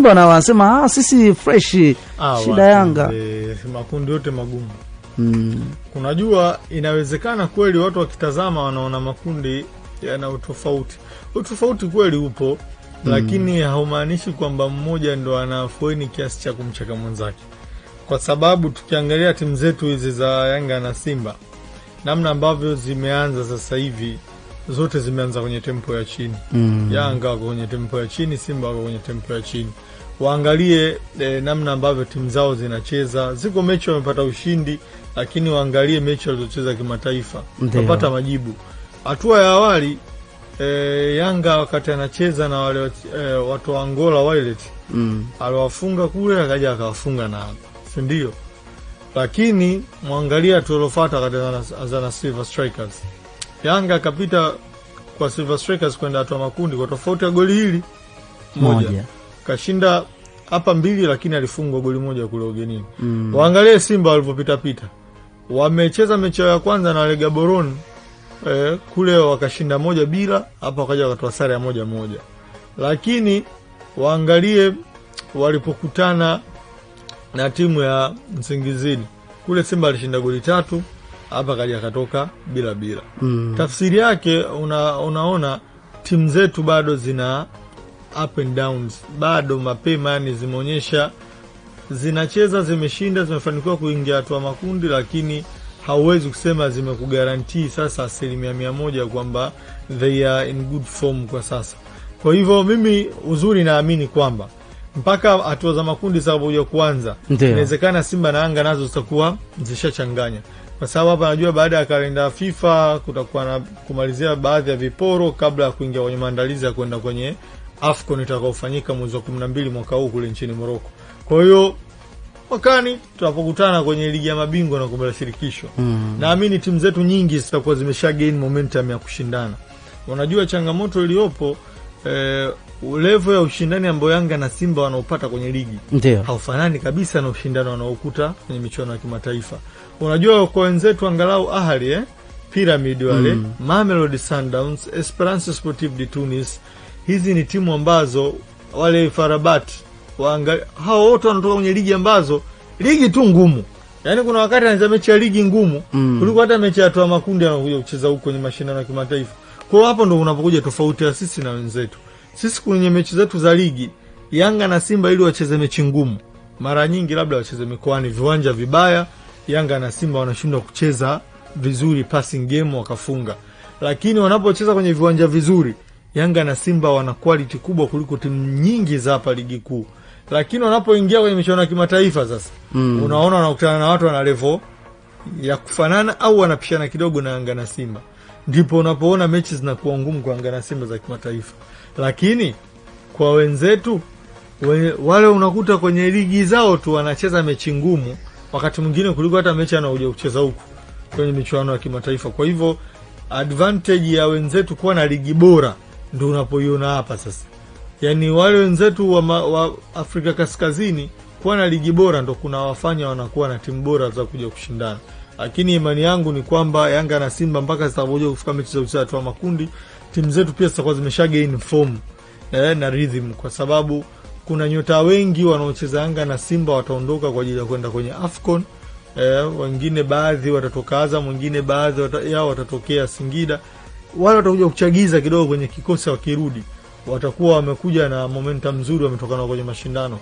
Bwana wanasema ah, sisi fresh ah, shida Yanga makundi yote magumu mm. Unajua, inawezekana kweli watu wakitazama wanaona makundi yana utofauti. Utofauti kweli upo mm. Lakini haumaanishi kwamba mmoja ndo ana afueni kiasi cha kumchaka mwenzake, kwa sababu tukiangalia timu zetu hizi za Yanga na Simba namna ambavyo zimeanza sasa hivi zote zimeanza kwenye tempo ya chini mm. Yanga wako kwenye tempo ya chini, Simba wako kwenye tempo ya chini. Waangalie eh, namna ambavyo timu zao zinacheza. Ziko mechi wamepata ushindi, lakini waangalie mechi walizocheza kimataifa, wapata majibu. Hatua ya awali eh, Yanga wakati anacheza na wale eh, watu wa Angola Wildets mm. aliwafunga kule, akaja akawafunga na hapa, si ndio? Lakini mwangalia hatua iliofuata wakati Azana Silver Strikers Yanga akapita kwa Silver Strikers kwenda hatua makundi kwa tofauti ya goli hili moja, Kashinda hapa mbili, lakini alifungwa goli moja kule ugenini mm. Waangalie Simba walivyopitapita, wamecheza mechi ya kwanza na Lega Boron eh, kule wakashinda moja bila, hapa wakaja wakatoa sare ya moja moja, lakini waangalie walipokutana na timu ya Nsingizini kule Simba alishinda goli tatu hapa kaja katoka bila bila. Mm. Tafsiri yake una, unaona timu zetu bado zina up and downs, bado mapema, yani zimeonyesha zinacheza, zimeshinda, zimefanikiwa kuingia hatua makundi, lakini hauwezi kusema zimekugarantii sasa asilimia mia moja kwamba they are in good form kwa sasa. Kwa hivyo mimi uzuri naamini kwamba mpaka hatua za makundi zitakapokuja kuanza, inawezekana Simba na Yanga nazo zitakuwa zishachanganya kwa sababu hapa najua baada ya kalenda ya FIFA kutakuwa na kumalizia baadhi ya viporo kabla ya kuingia kwenye maandalizi ya kwenda kwenye AFCON itakaofanyika mwezi wa 12 mwaka huu kule nchini Morocco. Kwa hiyo mwakani tunapokutana kwenye ligi ya mabingwa na kombe la shirikisho mm. Naamini timu zetu nyingi zitakuwa zimesha gain momentum ya kushindana. Unajua changamoto iliyopo eh, level ya ushindani ambao Yanga na Simba wanaopata kwenye ligi ndio haufanani kabisa na ushindani wanaokuta kwenye michuano ya kimataifa. Unajua, kwa wenzetu angalau Ahali eh, Pyramid wale mm. Mamelodi Sundowns, Esperance Sportive de Tunis, hizi ni timu ambazo wale Farabat wanga, hao wote wanatoka kwenye ligi ambazo ligi tu ngumu Yaani kuna wakati anacheza mechi ya ligi ngumu mm. kuliko hata mechi ya toa makundi anakuja kucheza huko kwenye mashindano ya kimataifa. Kwa hapo ndo unapokuja tofauti ya sisi na wenzetu. Sisi kwenye mechi zetu za ligi, Yanga na Simba ili wacheze mechi ngumu, mara nyingi labda wacheze mikoani, viwanja vibaya, Yanga na Simba wanashindwa kucheza vizuri passing game wakafunga. Lakini wanapocheza kwenye viwanja vizuri, Yanga na Simba wana quality kubwa kuliko timu nyingi za hapa ligi kuu. Lakini wanapoingia kwenye michuano ya kimataifa sasa, mm. unaona wanakutana na watu wana level ya kufanana au wanapishana kidogo na Yanga na Simba ndipo unapoona mechi zinakuwa ngumu kuangaa na Simba za kimataifa, lakini kwa wenzetu we, wale unakuta kwenye ligi zao tu wanacheza mechi ngumu wakati mwingine kuliko hata mechi anaoja kucheza huku kwenye michuano ya kimataifa. Kwa hivyo advantage ya wenzetu kuwa na ligi bora ndo unapoiona hapa sasa, yaani wale wenzetu wa, ma, wa Afrika Kaskazini kuwa na ligi bora ndo kuna wafanya wanakuwa na timu bora za kuja kushindana lakini imani yangu ni kwamba Yanga na Simba mpaka zitakapokuja kufika mechi za uchezaji wa makundi, timu zetu pia zitakuwa zimesha gain form na, eh, na rhythm, kwa sababu kuna nyota wengi wanaocheza Yanga na Simba wataondoka kwa ajili ya kwenda kwenye Afcon. Eh, wengine baadhi watatoka Azam, wengine baadhi wata, yao watatokea Singida. Wale watakuja kuchagiza kidogo kwenye kikosi, wakirudi watakuwa wamekuja na momentum nzuri, wametokana kwenye mashindano.